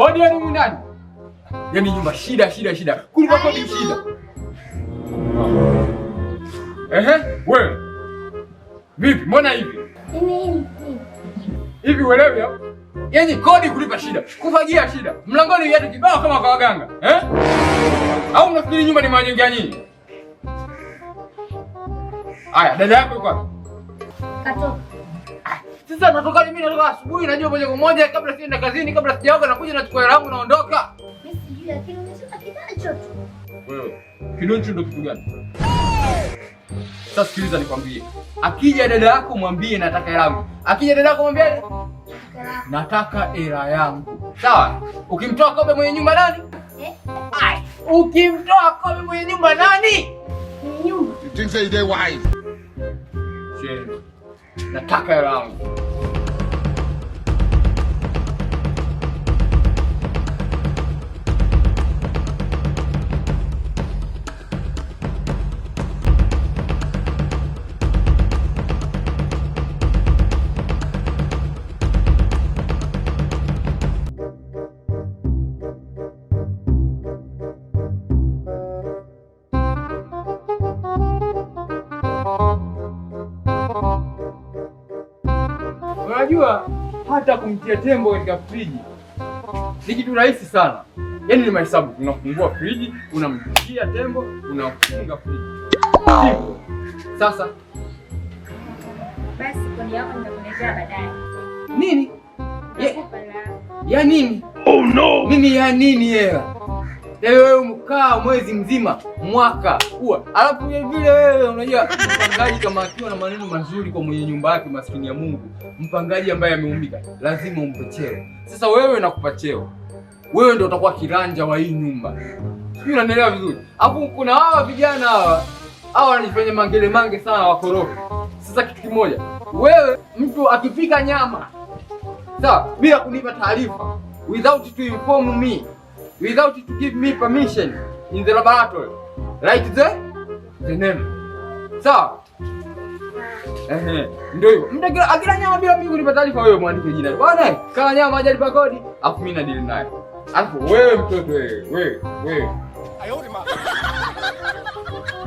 Odi Odieni mwinani. Yaani nyumba shida shida shida. Kulipa kodi shida. Ah. Ehe, wewe. Vipi? Mbona hivi? Hivi welewe hapo? Yaani kodi kulipa shida, kufagia shida. Mlangoni yetu kibao kama kwa waganga. Eh? Au mnafikiri nyumba ni majengo ya nini? Aya, dada yako yuko wapi? Katoka. Sasa natoka mimi natoka asubuhi najua moja kwa moja kabla sienda kazini kabla sijaoga nakuja nachukua hela yangu naondoka. Mimi sijui lakini unasema kidacho Wewe kidoncho ndio kitu gani? Sasa sikiliza nikwambie. Akija dada yako mwambie nataka hela yangu. Akija dada yako mwambie nataka hela yangu. Sawa? Ukimtoa kobe mwenye nyumba nani? Eh? Ai, ukimtoa kobe mwenye nyumba nani? Mwenye nyumba. You think say they the taka yangu. Unajua hata kumtia tembo katika friji ni kitu rahisi sana, yaani ni mahesabu. Unafungua friji, unamtia tembo, unafunga friji. Sasa basi, kodi yako nitakuletea baadaye. Nini ya nini? Oh no, mimi ya nini hela Yaani wewe mkaa mwezi mzima mwaka kuwa, alafu vile vile wewe unajua mpangaji kama akiwa na maneno mazuri kwa mwenye nyumba yake, maskini ya Mungu, mpangaji ambaye ameumbika lazima umpe cheo. Sasa wewe nakupa cheo, wewe ndio utakuwa kiranja wa hii nyumba, sijui unanielewa vizuri. Alafu kuna hawa vijana hawa hawa wanajifanya mangele mange sana, wakorofi. Sasa kitu kimoja, wewe mtu akipika nyama sawa, bila kunipa taarifa, without to inform me without to give me permission in the laboratory. Right there? the name. So, Eh, ndio hivyo. Mtu akila nyama bila mimi kunipa taarifa wewe mwandike jina. Bwana, kala nyama hajalipa kodi, afu mimi na deal naye. Alafu wewe mtoto wewe, wewe, wewe. Ayori mama.